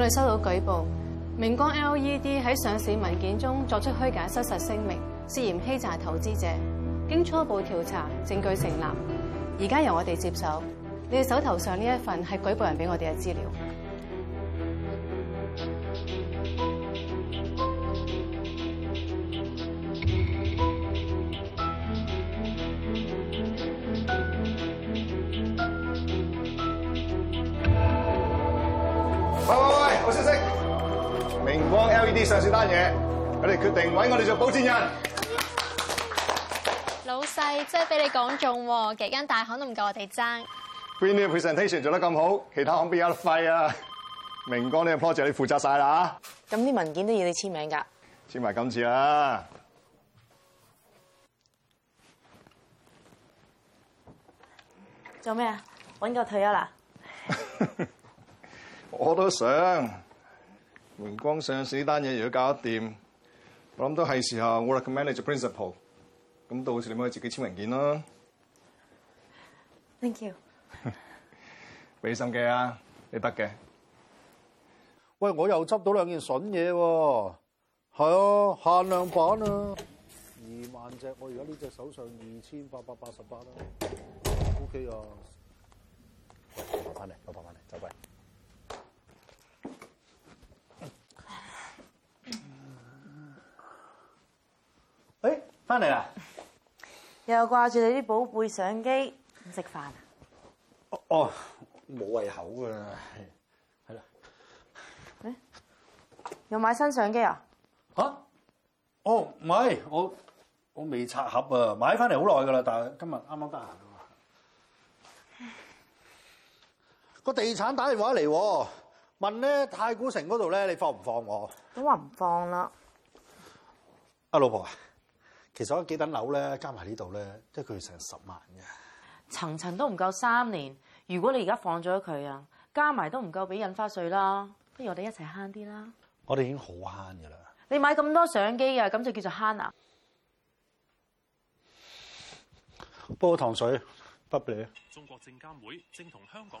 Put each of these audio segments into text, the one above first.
我哋收到舉報，明光 LED 喺上市文件中作出虛假失實聲明，涉嫌欺詐投資者。經初步調查，證據成立，而家由我哋接手。你哋手頭上呢一份係舉報人俾我哋嘅資料。上次單嘢，佢哋決定搵我哋做保薦人。老細真係俾你講中喎，幾間大行都唔夠我哋爭。邊啲 presentation 做得咁好，其他行邊有得廢啊？明哥呢個 project 你負責晒啦。咁啲文件都要你簽名㗎。簽埋今次啦。做咩啊？揾個退休啦？ 我都想。明光上市呢單嘢，如果搞得掂，我諗都係時候。我 recommend 做 principal，咁到時你咪自己簽文件咯。Thank you。俾 心機啊，你得嘅。喂，我又執到兩件筍嘢喎、啊。係啊，限量版啊，二萬隻。我而家呢隻手上二千八百八十八啦、啊。OK 啊。落班，咧，落班咧，走拜。翻嚟啦！又掛住你啲寶貝相機，唔食飯啊？哦，冇胃口啊！係啦，誒、欸，又買新相機啊？吓？哦，唔係，我我未拆盒啊，買翻嚟好耐噶啦，但係今日啱啱得閒啊。個唉地產打電話嚟，問咧太古城嗰度咧，你放唔放我？都話唔放啦。阿老婆。其實我有幾等樓咧，加埋呢度咧，即係佢成十萬嘅層層都唔夠三年。如果你而家放咗佢啊，加埋都唔夠俾印花稅啦。不如我哋一齊慳啲啦。我哋已經好慳嘅啦。你買咁多相機啊，咁就叫做慳啊。煲糖水，不俾。中國證監會正同香港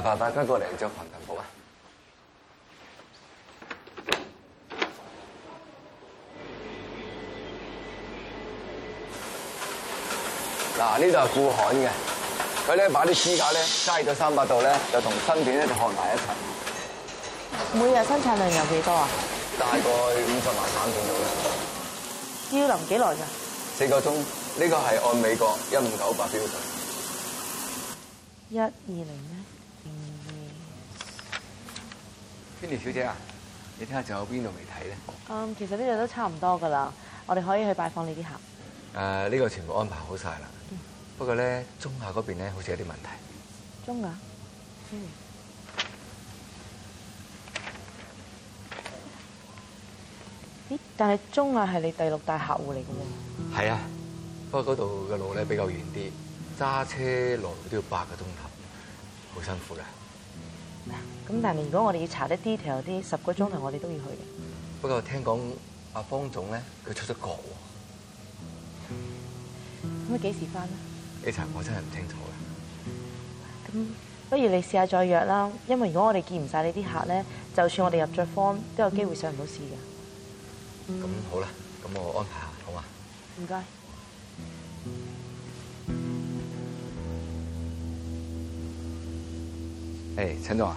大家快，過嚟做雲盾布啊！嗱，呢度係固焊嘅，佢咧把啲支架咧加到三百度咧，就同身板咧就焊埋一齊。每日生產量有幾多啊？大概五十萬板咁多啦。要淋幾耐㗎？四個鐘。呢個係按美國一五九八標準。一二零。Mindy 小姐啊？你睇下仲有邊度未睇咧？嗯，其實呢度都差唔多噶啦，我哋可以去拜訪呢啲客。誒，呢個全部安排好晒啦。不過咧，中亞嗰邊咧，好似有啲問題。中亞？嗯。咦？但係中亞係你第六大客戶嚟嘅喎。係啊，不過嗰度嘅路咧比較遠啲，揸車來都要八個鐘頭，好辛苦噶。咁但係如果我哋要查得 detail 啲，十個鐘頭我哋都要去嘅。不過我聽講阿方總咧，佢出咗國喎，咁你幾時翻咧？呢層我真係唔清楚啦。咁不如你試下再約啦，因為如果我哋見唔晒你啲客咧，就算我哋入咗 form，都有機會上唔到市嘅。咁好啦，咁我安排下好嗎？唔該。誒，陳總啊！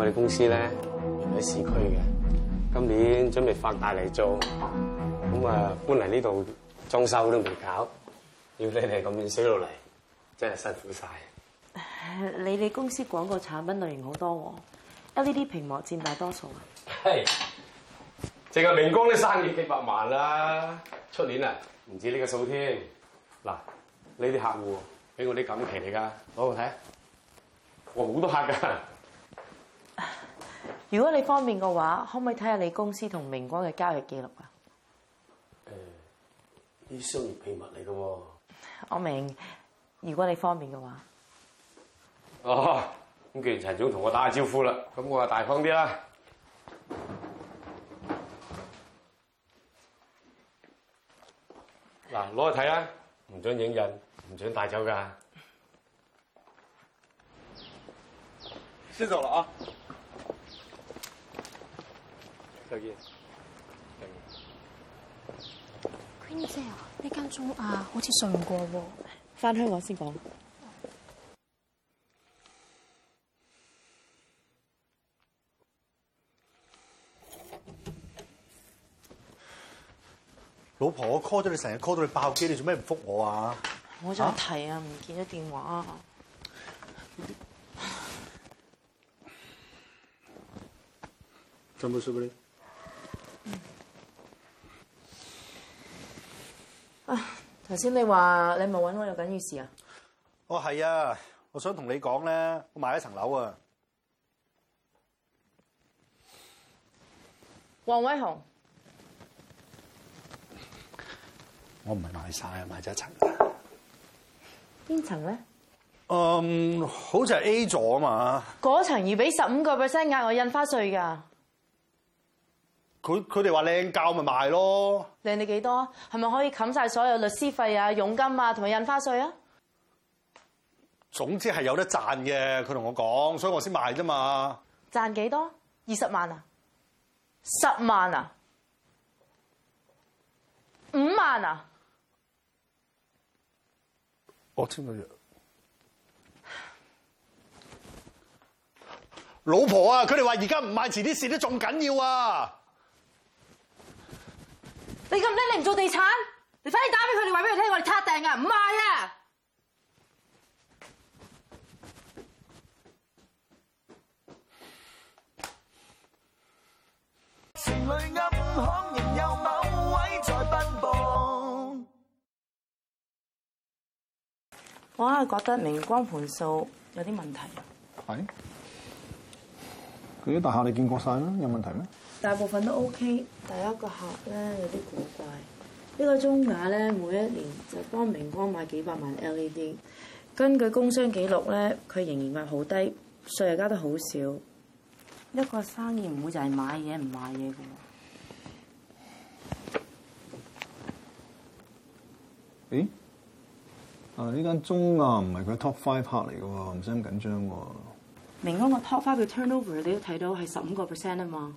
我哋公司咧喺市區嘅，今年準備發大嚟做來，咁啊搬嚟呢度裝修都未搞，要你哋咁遠水落嚟，真係辛苦晒。你哋公司廣告產品類型好多喎，呢啲屏幕佔大多數。係，淨係明光啲生意幾百萬啦，出年啊唔止呢個數添。嗱，呢啲客戶俾我啲錦旗嚟噶，攞嚟睇，我好多客噶。如果你方便嘅話，可唔可以睇下你公司同明光嘅交易記錄啊？誒，啲商業秘密嚟嘅喎。我明，如果你方便嘅話。哦，咁既然陳總同我打下招呼啦，咁我就大方啲啦。嗱，攞去睇啊！唔准影印，唔准帶走嘅。先走喇啊！再見。Queenie 姐啊，呢間租啊好似順過喎。返香港先講。老婆，我 call 咗你成日 call 到你爆機，你做咩唔覆我啊？我再睇啊，唔見咗電話。你麼說收尾。頭先你話你咪揾我有緊要事啊？哦係啊，我想同你講咧，我買咗層樓啊。黃偉雄，我唔係賣晒啊，買咗層。邊層咧？嗯，好似係 A 座啊嘛，那層。嗰層要俾十五個 percent 額外印花稅噶。佢佢哋話靚教咪賣咯，靚你幾多？係咪可以冚晒所有律師費啊、佣金啊、同埋印花稅啊？總之係有得賺嘅，佢同、嗯、我講，所以我先賣啫嘛。賺幾多？二十萬啊？十萬啊？五萬啊？我聽佢老婆啊，佢哋話而家唔賣，遲啲事都仲緊要啊！你咁叻，你唔做地產，你反而打俾佢，你話俾佢聽，我哋拆訂噶，唔賣啊！情侶暗行仍有某位在奔波。我係覺得明光盤數有啲問題。喂？佢啲大廈你見過晒啦，有問題咩？大部分都 OK，第一個客咧有啲古怪。呢、這個中亞咧，每一年就幫明光買幾百萬 LED。根據工商記錄咧，佢仍然係好低，稅又加得好少。一個生意唔會就係買嘢唔買嘢嘅喎。誒、哎，啊呢間中亞唔係佢 Top Five part 嚟嘅喎，唔使咁緊張喎。明光個 Top Five 嘅 turnover 你都睇到係十五個 percent 啊嘛。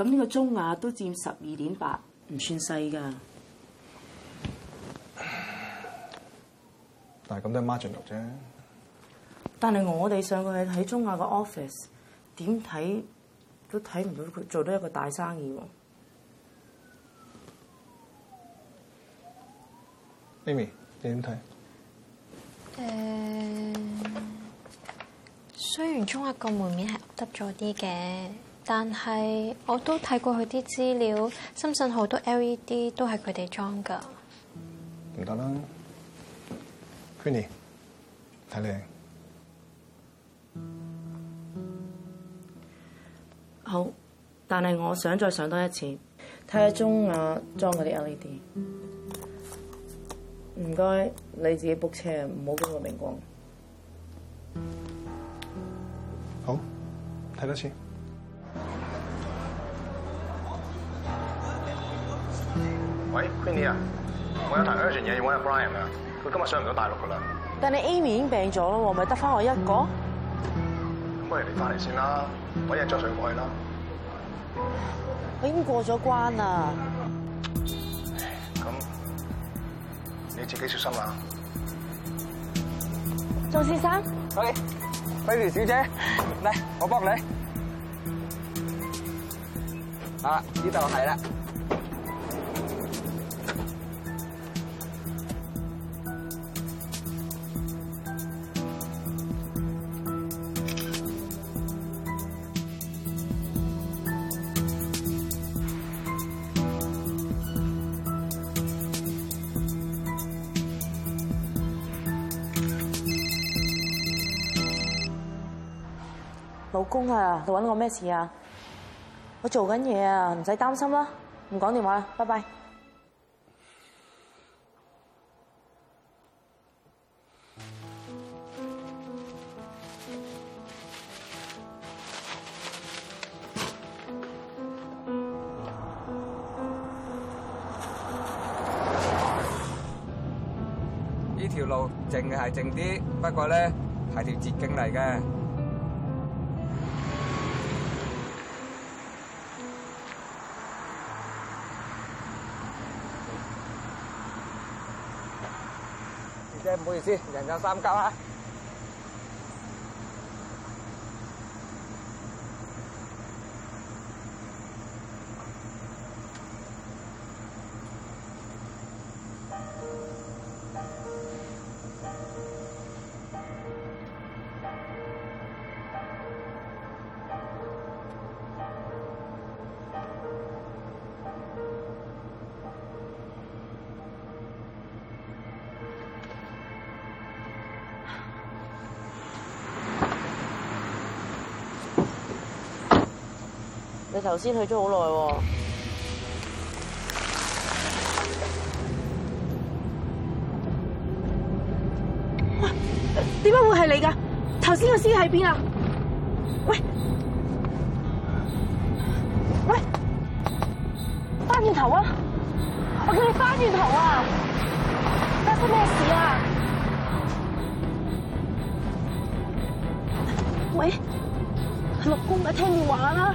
咁呢個中亞都佔十二點八，唔算細㗎。但係咁都係 margin 㗎啫。但係我哋上去喺喺中亞個 office 點睇都睇唔到佢做到一個大生意喎。Amy，你點睇？誒，uh, 雖然中亞個門面係凹凸咗啲嘅。但係我都睇過佢啲資料，深圳好多 LED 都係佢哋裝㗎，唔得啦，Queenie，睇嚟好，但係我想再上多一次，睇下中亞裝嗰啲 LED。唔該，你自己 book 車，唔好叫我明光。好，睇多次。Queenie 啊，hey, ie, 我有單 urgent 嘢要搵阿 Brian 啊，佢今日上唔到大陸噶啦。但係 Amy 已經病咗咯，咪得翻我一個。咁不如你翻嚟先啦，我一日再上過去啦。我已經過咗關啦。咁你自己小心啦，杜先生。喂 Billy 小姐，嚟，我幫你。啊，呢度係啦。老公啊，你揾我咩事啊？我做緊嘢啊，唔使擔心啦，唔講電話啦，拜拜。呢條路靜係靜啲，不過咧係條捷徑嚟嘅。唔好意思、哦，人有三急啦。頭先去咗好耐，喂，點解會係你噶？頭先個師喺邊啊？喂，喂，返轉頭啊！我叫你返轉頭啊！發生咩事啊？喂，老公咪聽你話啦。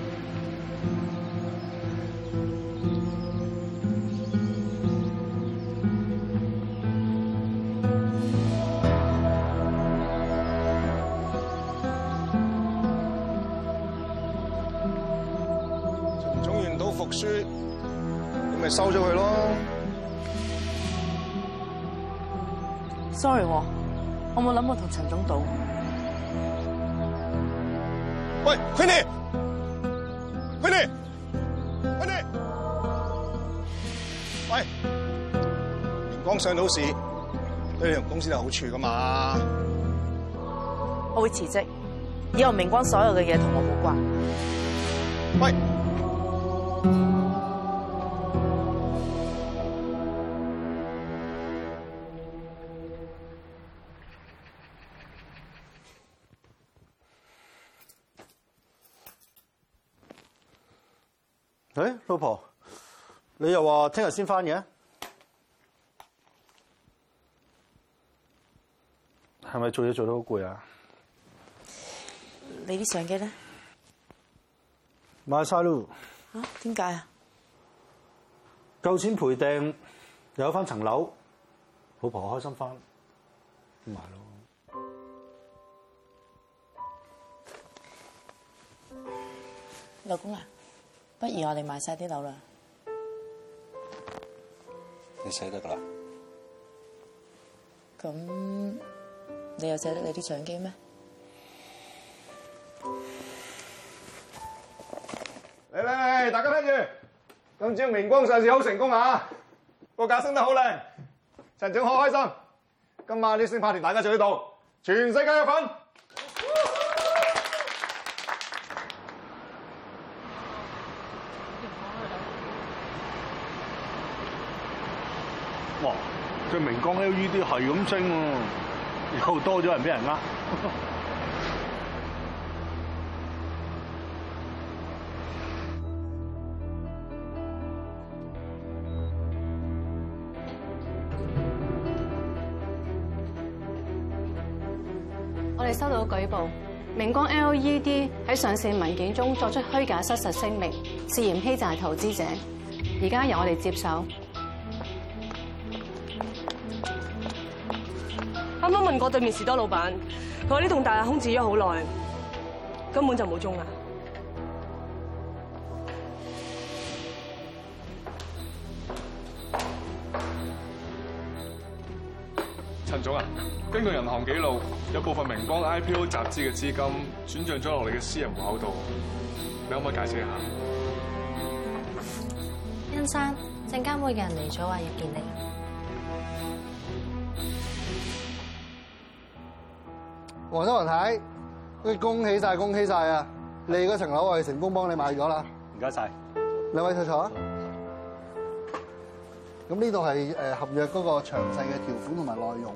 書，你咪收咗佢咯。Sorry，我冇諗過同陳總賭。喂，Queenie，Queenie，Queenie，喂，明光上到市，對你同公司有好處噶嘛？我會辭職，以後明光所有嘅嘢同我無關。喂。哎，老婆，你又話聽日先返嘅，係咪做嘢做得好攰啊？你啲相機咧，買晒啦。啊點解啊？夠錢賠定，又有翻層樓，老婆開心翻，買咯。老公啊，不如我哋買晒啲樓啦。你寫得㗎啦？咁你又寫得你啲相機咩？大家聽住，今朝明光上市好成功啊！個價升得好靚，陳總好開心。今晚呢，星派團大家做呢度，全世界有份哇！對明光 LED 係咁升，又多咗人俾人呃。 收到了舉報，明光 LED 喺上市文件中作出虛假失實聲明，涉嫌欺詐投資者。而家由我哋接手。啱啱問過對面士多老闆，佢話呢棟大廈空置咗好耐，根本就冇中啊。根據銀行記錄，有部分明光 IPO 集資嘅資金轉賬咗落你嘅私人戶口度，你可唔可以解釋一下？恩生，證監會嘅人嚟咗，話要見你。黃德黃太，恭喜晒，恭喜晒啊！你嗰層樓我哋成功幫你買咗啦，唔該晒。兩位坐啊。咁呢度係誒合約嗰個詳細嘅條款同埋內容。